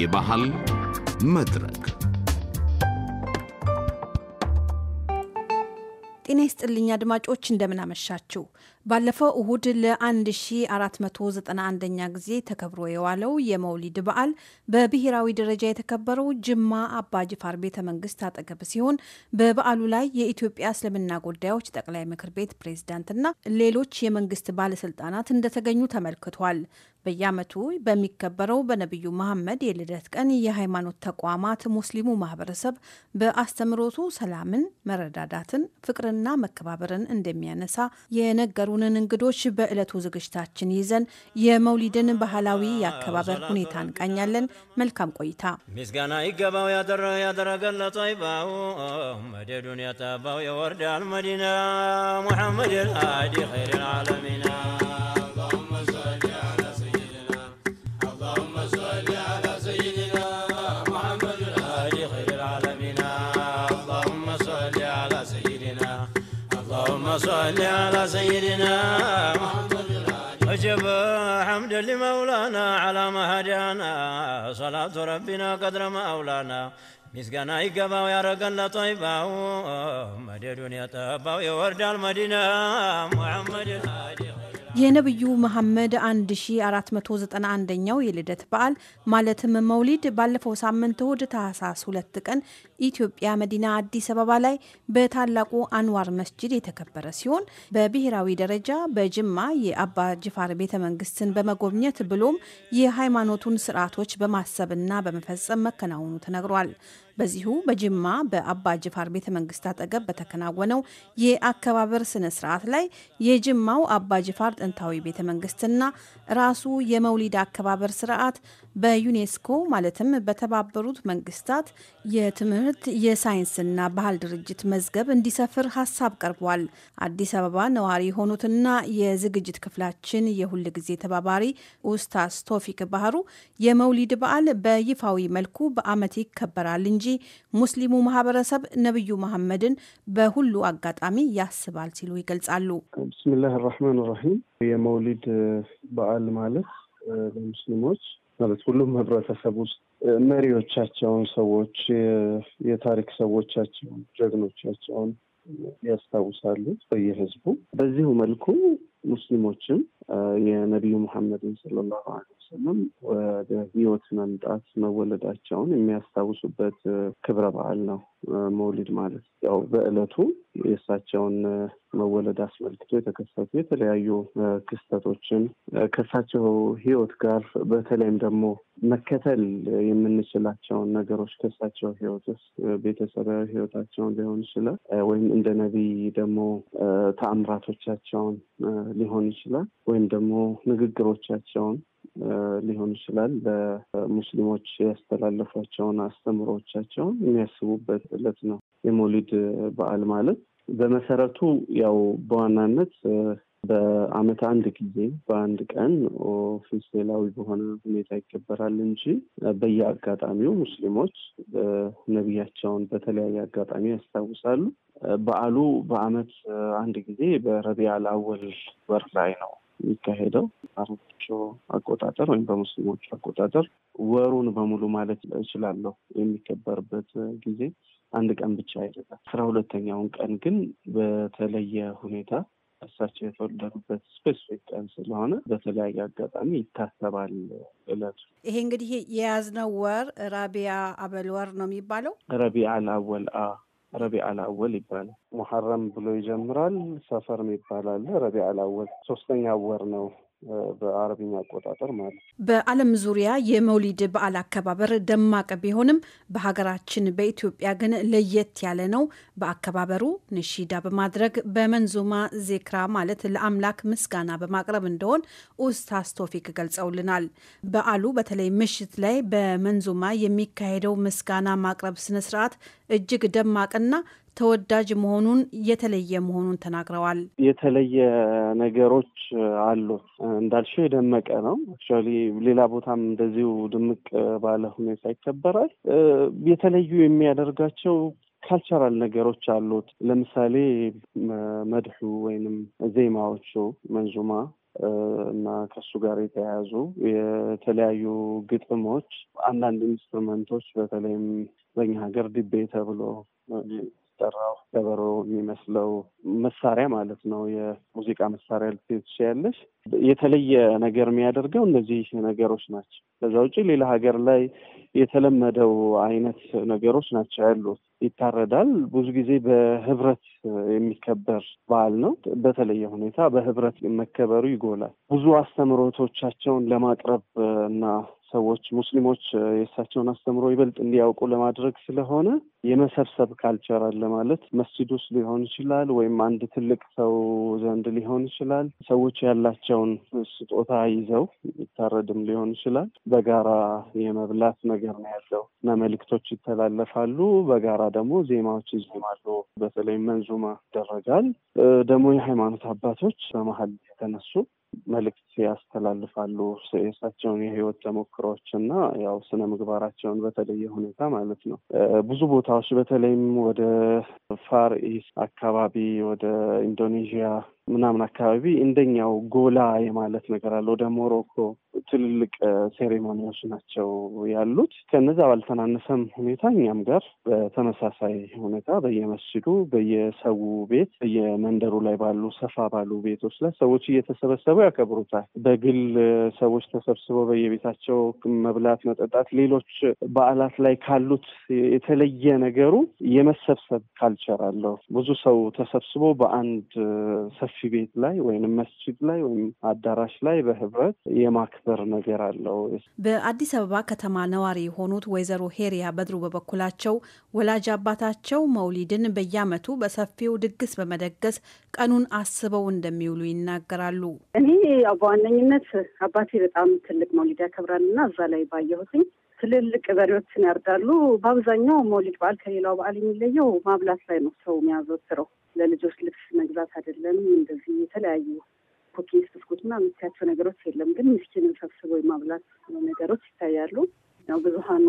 የባህል መድረክ ጤና ይስጥልኝ አድማጮች፣ እንደምናመሻችው ባለፈው እሁድ ለ1491ኛ ጊዜ ተከብሮ የዋለው የመውሊድ በዓል በብሔራዊ ደረጃ የተከበረው ጅማ አባጅፋር ቤተ መንግስት አጠገብ ሲሆን በበዓሉ ላይ የኢትዮጵያ እስልምና ጉዳዮች ጠቅላይ ምክር ቤት ፕሬዝዳንትና ሌሎች የመንግስት ባለስልጣናት እንደተገኙ ተመልክቷል። በየዓመቱ በሚከበረው በነቢዩ መሐመድ የልደት ቀን የሃይማኖት ተቋማት ሙስሊሙ ማህበረሰብ በአስተምሮቱ ሰላምን፣ መረዳዳትን፣ ፍቅርን ፍቅርና መከባበርን እንደሚያነሳ የነገሩንን እንግዶች በዕለቱ ዝግጅታችን ይዘን የመውሊድን ባህላዊ የአከባበር ሁኔታ እንቃኛለን። መልካም ቆይታ። ምስጋና ይገባው ያደረገለ ጦይባው መደዱን የወርዳል መዲና ሙሐመድ ልአዲ ኸይር ልዓለሚን لمولانا على ما هدانا صلاة ربنا قدر مولانا ما أولانا ምስጋና ይገባው ያረገለ ጠይባው መደዱን የጠባው የወርዳል መዲና የነብዩ መሐመድ 1491ኛው የልደት በዓል ማለትም መውሊድ ባለፈው ሳምንት እሁድ ታህሳስ ሁለት ቀን ኢትዮጵያ መዲና አዲስ አበባ ላይ በታላቁ አንዋር መስጂድ የተከበረ ሲሆን በብሔራዊ ደረጃ በጅማ የአባ ጅፋር ቤተ መንግስትን በመጎብኘት ብሎም የሃይማኖቱን ስርዓቶች በማሰብና በመፈጸም መከናወኑ ተነግሯል። በዚሁ በጅማ በአባ ጅፋር ቤተ መንግስት አጠገብ በተከናወነው የአከባበር ስነ ስርዓት ላይ የጅማው አባ ጅፋር ጥንታዊ ቤተ መንግስትና ራሱ የመውሊድ አከባበር ስርዓት በዩኔስኮ ማለትም በተባበሩት መንግስታት የትምህርት የሳይንስና ባህል ድርጅት መዝገብ እንዲሰፍር ሀሳብ ቀርቧል። አዲስ አበባ ነዋሪ የሆኑትና የዝግጅት ክፍላችን የሁል ጊዜ ተባባሪ ኡስታዝ ቶፊክ ባህሩ የመውሊድ በዓል በይፋዊ መልኩ በአመት ይከበራል እንጂ ሙስሊሙ ማህበረሰብ ነቢዩ መሐመድን በሁሉ አጋጣሚ ያስባል ሲሉ ይገልጻሉ። ብስሚላህ ራህማን ራሂም የመውሊድ በዓል ማለት ለሙስሊሞች ማለት ሁሉም ህብረተሰብ ውስጥ መሪዎቻቸውን፣ ሰዎች፣ የታሪክ ሰዎቻቸውን፣ ጀግኖቻቸውን ያስታውሳሉ በየህዝቡ። በዚሁ መልኩ ሙስሊሞችም የነቢዩ መሐመድን ሰለላሁ ዐለይሂ ስምም ወደ ህይወት መምጣት መወለዳቸውን የሚያስታውሱበት ክብረ በዓል ነው መውሊድ ማለት። ያው በእለቱ የእሳቸውን መወለድ አስመልክቶ የተከሰቱ የተለያዩ ክስተቶችን ከእሳቸው ህይወት ጋር በተለይም ደግሞ መከተል የምንችላቸውን ነገሮች ከእሳቸው ህይወት ውስጥ ቤተሰባዊ ህይወታቸውን ሊሆን ይችላል፣ ወይም እንደ ነቢይ ደግሞ ተአምራቶቻቸውን ሊሆን ይችላል፣ ወይም ደግሞ ንግግሮቻቸውን ሊሆን ይችላል ለሙስሊሞች ያስተላለፏቸውን አስተምሮቻቸውን የሚያስቡበት እለት ነው። የሞሊድ በዓል ማለት በመሰረቱ ያው በዋናነት በአመት አንድ ጊዜ በአንድ ቀን ኦፊሴላዊ በሆነ ሁኔታ ይከበራል እንጂ በየአጋጣሚው ሙስሊሞች ነቢያቸውን በተለያየ አጋጣሚ ያስታውሳሉ። በአሉ በአመት አንድ ጊዜ በረቢያ አወል ወር ላይ ነው የሚካሄደው አረቦቹ አቆጣጠር ወይም በሙስሊሞቹ አቆጣጠር ወሩን በሙሉ ማለት እችላለሁ የሚከበርበት ጊዜ አንድ ቀን ብቻ አይደለም። አስራ ሁለተኛውን ቀን ግን በተለየ ሁኔታ እሳቸው የተወለዱበት ስፔሲፊክ ቀን ስለሆነ በተለያየ አጋጣሚ ይታሰባል እለቱ። ይሄ እንግዲህ የያዝነው ወር ረቢያ አበል ወር ነው የሚባለው። ረቢያ አልአወል ربيع الأول يبان محرم بلوي يجمرال سفر ميبال ربيع الأول سوستن يورنو በአረብኛ አቆጣጠር ማለት ነው። በዓለም ዙሪያ የመውሊድ በዓል አከባበር ደማቅ ቢሆንም በሀገራችን በኢትዮጵያ ግን ለየት ያለ ነው። በአከባበሩ ንሺዳ በማድረግ በመንዙማ ዜክራ ማለት ለአምላክ ምስጋና በማቅረብ እንደሆን ኡስታዝ ቶፊክ ገልጸውልናል። በዓሉ በተለይ ምሽት ላይ በመንዙማ የሚካሄደው ምስጋና ማቅረብ ስነስርዓት እጅግ ደማቅና ተወዳጅ መሆኑን የተለየ መሆኑን ተናግረዋል። የተለየ ነገሮች አሉ እንዳልሽው የደመቀ ነው። አክቹዋሊ ሌላ ቦታም እንደዚሁ ድምቅ ባለ ሁኔታ ይከበራል። የተለዩ የሚያደርጋቸው ካልቸራል ነገሮች አሉት። ለምሳሌ መድሑ ወይንም ዜማዎቹ መንዙማ እና ከሱ ጋር የተያያዙ የተለያዩ ግጥሞች፣ አንዳንድ ኢንስትሩመንቶች በተለይም በኛ ሀገር ድቤ ተብሎ የሚጠራው ከበሮ የሚመስለው መሳሪያ ማለት ነው። የሙዚቃ መሳሪያ ልትይ ትችያለሽ። የተለየ ነገር የሚያደርገው እነዚህ ነገሮች ናቸው። ከዛ ውጭ ሌላ ሀገር ላይ የተለመደው አይነት ነገሮች ናቸው ያሉት። ይታረዳል። ብዙ ጊዜ በህብረት የሚከበር በዓል ነው። በተለየ ሁኔታ በህብረት መከበሩ ይጎላል። ብዙ አስተምሮቶቻቸውን ለማቅረብ እና ሰዎች ሙስሊሞች የእሳቸውን አስተምሮ ይበልጥ እንዲያውቁ ለማድረግ ስለሆነ የመሰብሰብ ካልቸር አለ ማለት መስጂድ ውስጥ ሊሆን ይችላል፣ ወይም አንድ ትልቅ ሰው ዘንድ ሊሆን ይችላል። ሰዎች ያላቸውን ስጦታ ይዘው ይታረድም ሊሆን ይችላል። በጋራ የመብላት ነገር ነው ያለው እና መልእክቶች ይተላለፋሉ። በጋራ ደግሞ ዜማዎች ይዜማሉ። በተለይ መንዙማ ይደረጋል። ደግሞ የሃይማኖት አባቶች በመሀል የተነሱ መልእክት ያስተላልፋሉ። የእሳቸውን የህይወት ተሞክሮዎች እና ያው ስነ ምግባራቸውን በተለየ ሁኔታ ማለት ነው ብዙ ቦታዎች በተለይም ወደ ፋር ኢስት አካባቢ ወደ ኢንዶኔዥያ ምናምን አካባቢ እንደኛው ጎላ የማለት ነገር አለ። ወደ ሞሮኮ ትልልቅ ሴሬሞኒዎች ናቸው ያሉት። ከነዛ ባልተናነሰም ሁኔታ እኛም ጋር በተመሳሳይ ሁኔታ በየመስጂዱ፣ በየሰው ቤት፣ በየመንደሩ ላይ ባሉ ሰፋ ባሉ ቤቶች ላይ ሰዎች እየተሰበሰቡ ያከብሩታል። በግል ሰዎች ተሰብስበው በየቤታቸው መብላት፣ መጠጣት ሌሎች በዓላት ላይ ካሉት የተለየ ነገሩ የመሰብሰብ ካልቸር አለው። ብዙ ሰው ተሰብስቦ በአንድ ሰ ሺህ ቤት ላይ ወይም መስጂድ ላይ ወይም አዳራሽ ላይ በህብረት የማክበር ነገር አለው። በአዲስ አበባ ከተማ ነዋሪ የሆኑት ወይዘሮ ሄሪያ በድሩ በበኩላቸው ወላጅ አባታቸው መውሊድን በየአመቱ በሰፊው ድግስ በመደገስ ቀኑን አስበው እንደሚውሉ ይናገራሉ። እኔ በዋነኝነት አባቴ በጣም ትልቅ መውሊድ ያከብራል እና እዛ ላይ ባየሁትኝ ትልልቅ በሬዎችን ያርዳሉ። በአብዛኛው መውሊድ በዓል ከሌላው በዓል የሚለየው ማብላት ላይ ነው ሰው የሚያዘወትረው ለልጆች ልብስ መግዛት አይደለም እንደዚህ የተለያዩ ኩኪስ፣ ብስኩት ምናምን የምታያቸው ነገሮች የለም። ግን ምስኪንን ሰብስቦ የማብላት ነገሮች ይታያሉ። ነው። ብዙሀኑ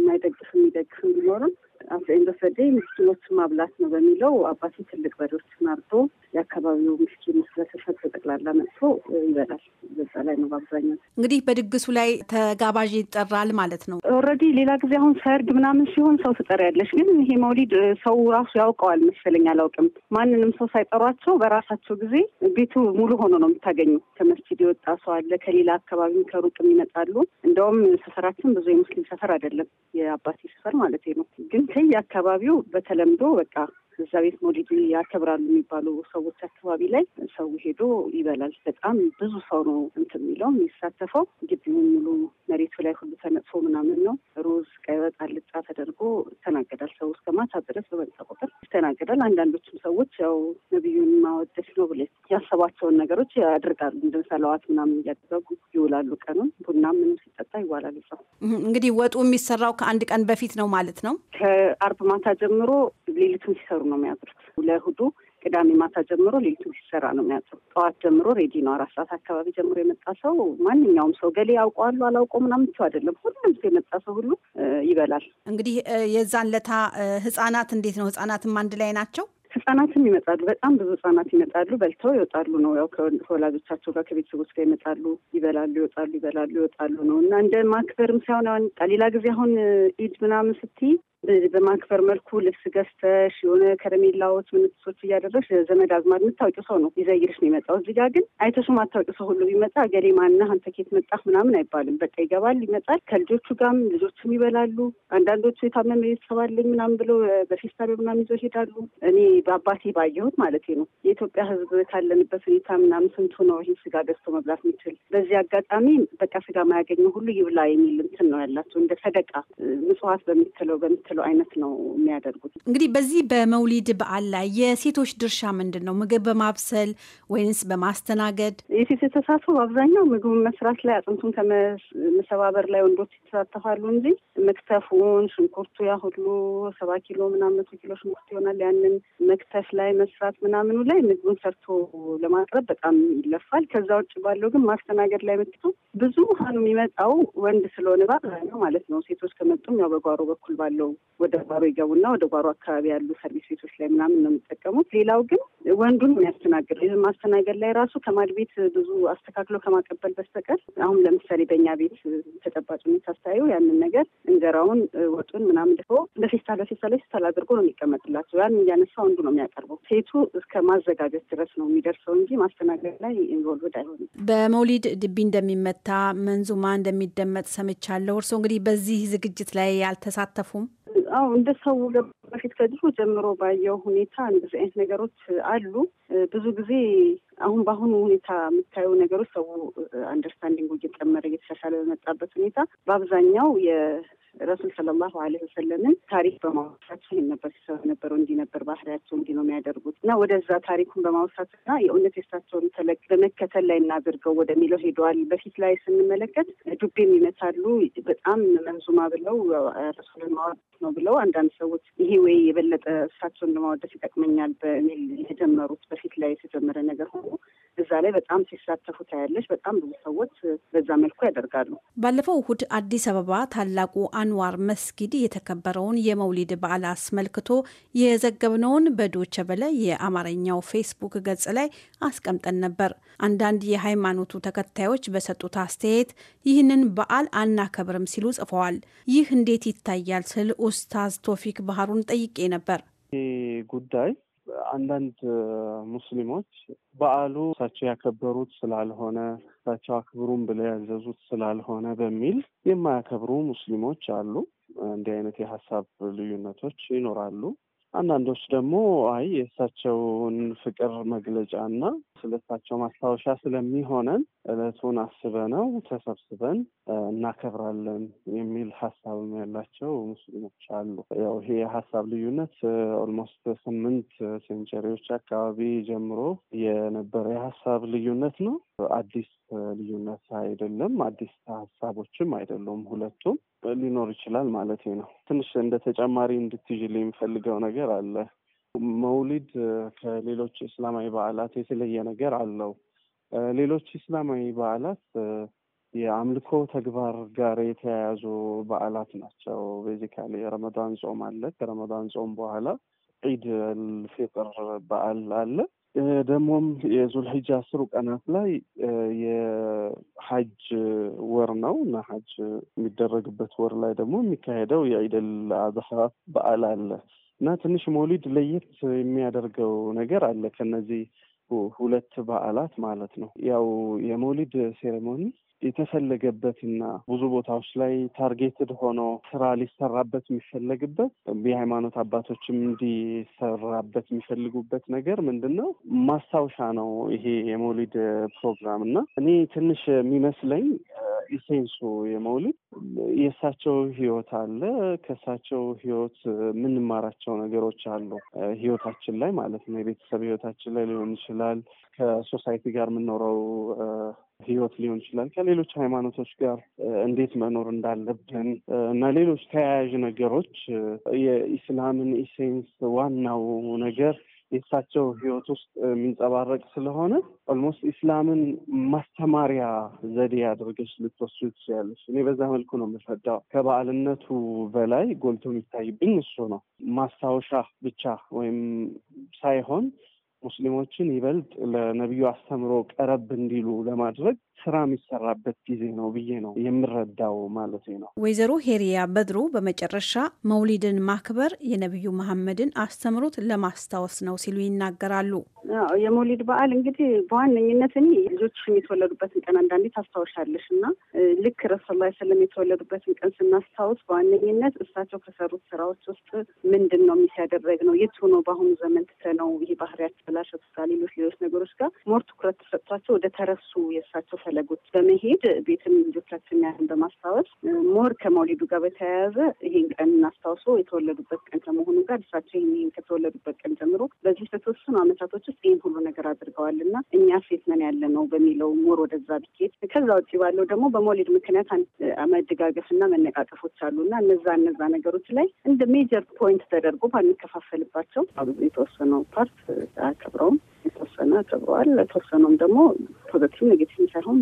የማይደግፍ የሚደግፍ ቢኖርም አፍሬንዶፈዴ ምስኪኖች ማብላት ነው በሚለው አባቴ ትልቅ በሬዎችን አርዶ የአካባቢው ምስኪን ስለተሸጥ ጠቅላላ መጥቶ ይበላል። በዛ ላይ ነው በአብዛኛው እንግዲህ በድግሱ ላይ ተጋባዥ ይጠራል ማለት ነው። ኦልሬዲ ሌላ ጊዜ አሁን ሰርግ ምናምን ሲሆን ሰው ትጠሪያለሽ፣ ግን ይሄ መውሊድ ሰው ራሱ ያውቀዋል መሰለኝ አላውቅም። ማንንም ሰው ሳይጠሯቸው በራሳቸው ጊዜ ቤቱ ሙሉ ሆኖ ነው የምታገኙ። ከመስጂድ የወጣ ሰው አለ፣ ከሌላ አካባቢ ከሩቅም ይመጣሉ። እንደውም ሰፈራችን ብዙ የሙስሊም ሰፈር አይደለም የአባቴ ሰፈር ማለት ነው። ግን ከየአካባቢው በተለምዶ በቃ እዛ ቤት ሞዲድ ያከብራሉ የሚባሉ ሰዎች አካባቢ ላይ ሰው ሄዶ ይበላል። በጣም ብዙ ሰው ነው እንትን የሚለው የሚሳተፈው። ግቢው ሙሉ መሬቱ ላይ ሁሉ ተነጥፎ ምናምን ነው። ሩዝ፣ ቀይ ወጥ፣ አልጫ ተደርጎ ይስተናገዳል። ሰው እስከ ማታ ድረስ በመጣ ቁጥር ይስተናገዳል። አንዳንዶችም ሰዎች ያው ነቢዩን ማወደስ ነው ብለ ያሰባቸውን ነገሮች ያደርጋሉ። እንደ ሰለዋት ምናምን እያደረጉ ይውላሉ። ቀኑን ቡና ምንም ሲጠጣ ይዋላል። ሰው እንግዲህ ወጡ የሚሰራው ከአንድ ቀን በፊት ነው ማለት ነው። ከአርብ ማታ ጀምሮ ሌሊቱን ሲሰሩ ነው የሚያድሩት። ለእሁዱ ቅዳሜ ማታ ጀምሮ ሌሊቱ ሲሰራ ነው የሚያድሩት። ጠዋት ጀምሮ ሬዲ ነው። አራት ሰዓት አካባቢ ጀምሮ የመጣ ሰው ማንኛውም ሰው ገሌ ያውቀዋሉ አላውቀው ምናምን ብቻ አይደለም። ሁሉም ሰው የመጣ ሰው ሁሉ ይበላል። እንግዲህ የዛን ለታ ህጻናት እንዴት ነው? ህጻናትም አንድ ላይ ናቸው። ህጻናትም ይመጣሉ። በጣም ብዙ ህጻናት ይመጣሉ። በልተው ይወጣሉ ነው ያው ከወላጆቻቸው ጋር ከቤተሰቦች ጋር ይመጣሉ፣ ይበላሉ፣ ይወጣሉ፣ ይበላሉ፣ ይወጣሉ ነው እና እንደ ማክበርም ሳይሆን ጣ ሌላ ጊዜ አሁን ኢድ ምናምን ስትይ በማክበር መልኩ ልብስ ገዝተሽ የሆነ ከረሜላዎች ምንጥሶች እያደረሽ ዘመድ አዝማድ የምታውቂው ሰው ነው ይዘይርሽ ነው የመጣው። እዚህ ጋር ግን አይተሹ ማታውቂው ሰው ሁሉ ቢመጣ ገሌ ማነህ አንተ ኬት መጣህ ምናምን አይባልም። በቃ ይገባል፣ ይመጣል። ከልጆቹ ጋርም ልጆቹም ይበላሉ። አንዳንዶቹ የታመመ ቤተሰብ አለኝ ምናምን ብለው በፌስታል ምናምን ይዞ ይሄዳሉ። እኔ በአባቴ ባየሁት ማለት ነው የኢትዮጵያ ሕዝብ ካለንበት ሁኔታ ምናምን ስንቱ ነው ይህ ስጋ ገዝቶ መብላት የሚችል። በዚህ አጋጣሚ በቃ ስጋ ማያገኘው ሁሉ ይብላ የሚል እንትን ነው ያላቸው እንደ ሰደቃ ምጽዋት በምትለው በምትለው በሚችለው አይነት ነው የሚያደርጉት። እንግዲህ በዚህ በመውሊድ በዓል ላይ የሴቶች ድርሻ ምንድን ነው? ምግብ በማብሰል ወይንስ በማስተናገድ? የሴት የተሳትፎ በአብዛኛው ምግብ መስራት ላይ አጥንቱን ከመሰባበር ላይ ወንዶች ይተሳተፋሉ እንጂ መክተፉን፣ ሽንኩርቱ ያ ሁሉ ሰባ ኪሎ ምናምን መቶ ኪሎ ሽንኩርት ይሆናል። ያንን መክተፍ ላይ መስራት ምናምኑ ላይ ምግቡን ሰርቶ ለማቅረብ በጣም ይለፋል። ከዛ ውጭ ባለው ግን ማስተናገድ ላይ መጥቶ ብዙ ውሃኑ የሚመጣው ወንድ ስለሆነ ባብዛኛው ማለት ነው። ሴቶች ከመጡም ያው በጓሮ በኩል ባለው ወደ ጓሮ ይገቡና ወደ ጓሮ አካባቢ ያሉ ሰርቪስ ቤቶች ላይ ምናምን ነው የሚጠቀሙት። ሌላው ግን ወንዱን የሚያስተናግድ ይህ ማስተናገድ ላይ ራሱ ከማድ ቤት ብዙ አስተካክሎ ከማቀበል በስተቀር አሁን ለምሳሌ በእኛ ቤት ተጨባጭ ሁኔታ ያንን ነገር እንጀራውን፣ ወጡን ምናምን ልፎ በፌስታል በፌስታል ላይ ፌስታል አድርጎ ነው የሚቀመጥላቸው። ያን እያነሳ ወንዱ ነው የሚያቀርበው። ሴቱ እስከ ማዘጋጀት ድረስ ነው የሚደርሰው እንጂ ማስተናገድ ላይ ኢንቮልቭድ አይሆንም። በመውሊድ ድቢ እንደሚመታ መንዙማ እንደሚደመጥ ሰምቻለሁ። እርስዎ እንግዲህ በዚህ ዝግጅት ላይ አልተሳተፉም? አዎ እንደ ሰው በፊት ከድሮ ጀምሮ ባየው ሁኔታ እንደዚህ አይነት ነገሮች አሉ። ብዙ ጊዜ አሁን በአሁኑ ሁኔታ የምታየው ነገሮች ሰው አንደርስታንዲንጉ እየጨመረ እየተሻሻለ በመጣበት ሁኔታ በአብዛኛው ረሱል ሰለላሁ አለይሂ ወሰለምን ታሪክ በማውሳት ይህን ነበር ሲሰሩ ነበረው፣ እንዲህ ነበር ባህሪያቸው፣ እንዲህ ነው የሚያደርጉት እና ወደዛ ታሪኩን በማውሳት እና የእውነት የእሳቸውን ተለቅ በመከተል ላይ እናድርገው ወደሚለው ሄደዋል። በፊት ላይ ስንመለከት ዱቤም ይመታሉ፣ በጣም መንዙማ ብለው ረሱልን ማወደስ ነው ብለው አንዳንድ ሰዎች ይሄ ወይ የበለጠ እሳቸውን ለማወደስ ይጠቅመኛል በሚል የጀመሩት በፊት ላይ የተጀመረ ነገር ሆኖ እዛ ላይ በጣም ሲሳተፉ ታያለች። በጣም ብዙ ሰዎች በዛ መልኩ ያደርጋሉ። ባለፈው እሁድ አዲስ አበባ ታላቁ አንዋር መስጊድ የተከበረውን የመውሊድ በዓል አስመልክቶ የዘገብነውን በዶቸ በለ የአማርኛው ፌስቡክ ገጽ ላይ አስቀምጠን ነበር። አንዳንድ የሃይማኖቱ ተከታዮች በሰጡት አስተያየት ይህንን በዓል አናከብርም ሲሉ ጽፈዋል። ይህ እንዴት ይታያል ስል ኡስታዝ ቶፊክ ባህሩን ጠይቄ ነበር። ጉዳይ አንዳንድ ሙስሊሞች በዓሉ እሳቸው ያከበሩት ስላልሆነ እሳቸው አክብሩም ብለው ያዘዙት ስላልሆነ በሚል የማያከብሩ ሙስሊሞች አሉ። እንዲህ አይነት የሀሳብ ልዩነቶች ይኖራሉ። አንዳንዶች ደግሞ አይ የእሳቸውን ፍቅር መግለጫ እና ስለ ማስታወሻ ስለሚሆነን እለቱን አስበነው ተሰብስበን እናከብራለን የሚል ሀሳብም ያላቸው ሙስሊሞች አሉ። ያው ይሄ የሀሳብ ልዩነት ኦልሞስት ስምንት ሴንቸሪዎች አካባቢ ጀምሮ የነበረ የሀሳብ ልዩነት ነው። አዲስ ልዩነት አይደለም፣ አዲስ ሀሳቦችም አይደሉም። ሁለቱም ሊኖር ይችላል ማለት ነው። ትንሽ እንደ ተጨማሪ እንድትይዥልኝ የምፈልገው ነገር አለ። መውሊድ ከሌሎች እስላማዊ በዓላት የተለየ ነገር አለው። ሌሎች እስላማዊ በዓላት የአምልኮ ተግባር ጋር የተያያዙ በዓላት ናቸው። ቤዚካሊ የረመዳን ጾም አለ። ከረመዳን ጾም በኋላ ዒድ አልፊጥር በዓል አለ። ደግሞም የዙልሂጅ አስሩ ቀናት ላይ የሀጅ ወር ነው እና ሀጅ የሚደረግበት ወር ላይ ደግሞ የሚካሄደው የኢደል አዝሀ በዓል አለ እና ትንሽ መውሊድ ለየት የሚያደርገው ነገር አለ ከነዚህ ሁለት በዓላት ማለት ነው። ያው የመውሊድ ሴሬሞኒ የተፈለገበትና ብዙ ቦታዎች ላይ ታርጌትድ ሆኖ ስራ ሊሰራበት የሚፈለግበት የሃይማኖት አባቶችም እንዲሰራበት የሚፈልጉበት ነገር ምንድን ነው? ማስታወሻ ነው ይሄ የመውሊድ ፕሮግራም እና እኔ ትንሽ የሚመስለኝ ኢሴንሱ የመውሊድ የእሳቸው ህይወት አለ። ከእሳቸው ህይወት የምንማራቸው ነገሮች አሉ፣ ህይወታችን ላይ ማለት ነው። የቤተሰብ ህይወታችን ላይ ሊሆን ይችላል። ከሶሳይቲ ጋር የምኖረው ህይወት ሊሆን ይችላል። ከሌሎች ሃይማኖቶች ጋር እንዴት መኖር እንዳለብን እና ሌሎች ተያያዥ ነገሮች የኢስላምን ኢሴንስ ዋናው ነገር የእሳቸው ህይወት ውስጥ የሚንጸባረቅ ስለሆነ ኦልሞስት ኢስላምን ማስተማሪያ ዘዴ አድርገች ልትወስዱ ትችላለች። እኔ በዛ መልኩ ነው የምረዳው። ከበዓልነቱ በላይ ጎልቶ የሚታይብኝ እሱ ነው። ማስታወሻ ብቻ ወይም ሳይሆን ሙስሊሞችን ይበልጥ ለነቢዩ አስተምሮ ቀረብ እንዲሉ ለማድረግ ስራ የሚሰራበት ጊዜ ነው ብዬ ነው የምረዳው ማለት ነው። ወይዘሮ ሄሪያ በድሩ በመጨረሻ መውሊድን ማክበር የነቢዩ መሐመድን አስተምሮት ለማስታወስ ነው ሲሉ ይናገራሉ። የመውሊድ በዓል እንግዲህ በዋነኝነት እኔ ልጆች የተወለዱበትን ቀን አንዳንዴ ታስታውሻለሽ እና ልክ ረሱል ላ ስለም የተወለዱበትን ቀን ስናስታውስ በዋነኝነት እሳቸው ከሰሩት ስራዎች ውስጥ ምንድን ነው ሚስ ያደረግ ነው የት ነው በአሁኑ ዘመን ትተነው ይህ ባህሪያት ተበላሸቱ ሌሎች ሌሎች ነገሮች ጋር ሞር ትኩረት ተሰጥቷቸው ወደ ተረሱ የእሳቸው ፈለጎች በመሄድ ቤትም ልጆቻችን ያህን በማስታወስ ሞር ከመውሊዱ ጋር በተያያዘ ይህን ቀን እናስታውሶ የተወለዱበት ቀን ከመሆኑ ጋር እሳቸው ይህን ከተወለዱበት ቀን ጀምሮ በዚህ በተወሰኑ አመታቶች ውስጥ ይህን ሁሉ ነገር አድርገዋል እና እኛ ሴት ነን ያለ ነው በሚለው ሞር ወደዛ ብኬት ከዛ ውጭ ባለው ደግሞ በመውሊድ ምክንያት መደጋገፍና መነቃቀፎች አሉ እና እነዛ እነዛ ነገሮች ላይ እንደ ሜጀር ፖይንት ተደርጎ ባንከፋፈልባቸው የተወሰነው ፓርት አያከብረውም። የተወሰነ ተብረዋል። ተወሰኑም ደግሞ ፖዘቲቭ ኔጌቲቭ ሳይሆን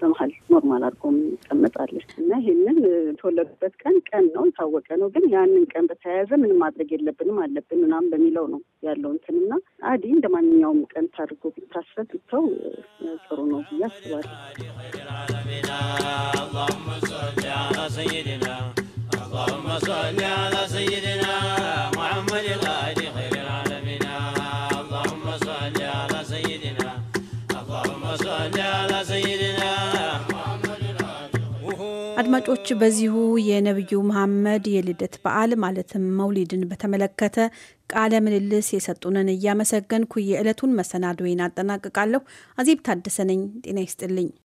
በመሀል ኖርማል አድርጎ የሚቀመጣለች እና ይህንን የተወለዱበት ቀን ቀን ነው የታወቀ ነው። ግን ያንን ቀን በተያያዘ ምንም ማድረግ የለብንም አለብን ምናምን በሚለው ነው ያለው እንትን እና አዲ እንደ ማንኛውም ቀን ታድርጎ ቢታሰብ ብተው ጥሩ ነው ብዬ አስባለሁ። አድማጮች በዚሁ የነቢዩ መሐመድ የልደት በዓል ማለትም መውሊድን በተመለከተ ቃለ ምልልስ የሰጡንን እያመሰገንኩ የዕለቱን መሰናዶዬን አጠናቅቃለሁ። አዜብ ታደሰ ነኝ። ጤና ይስጥልኝ።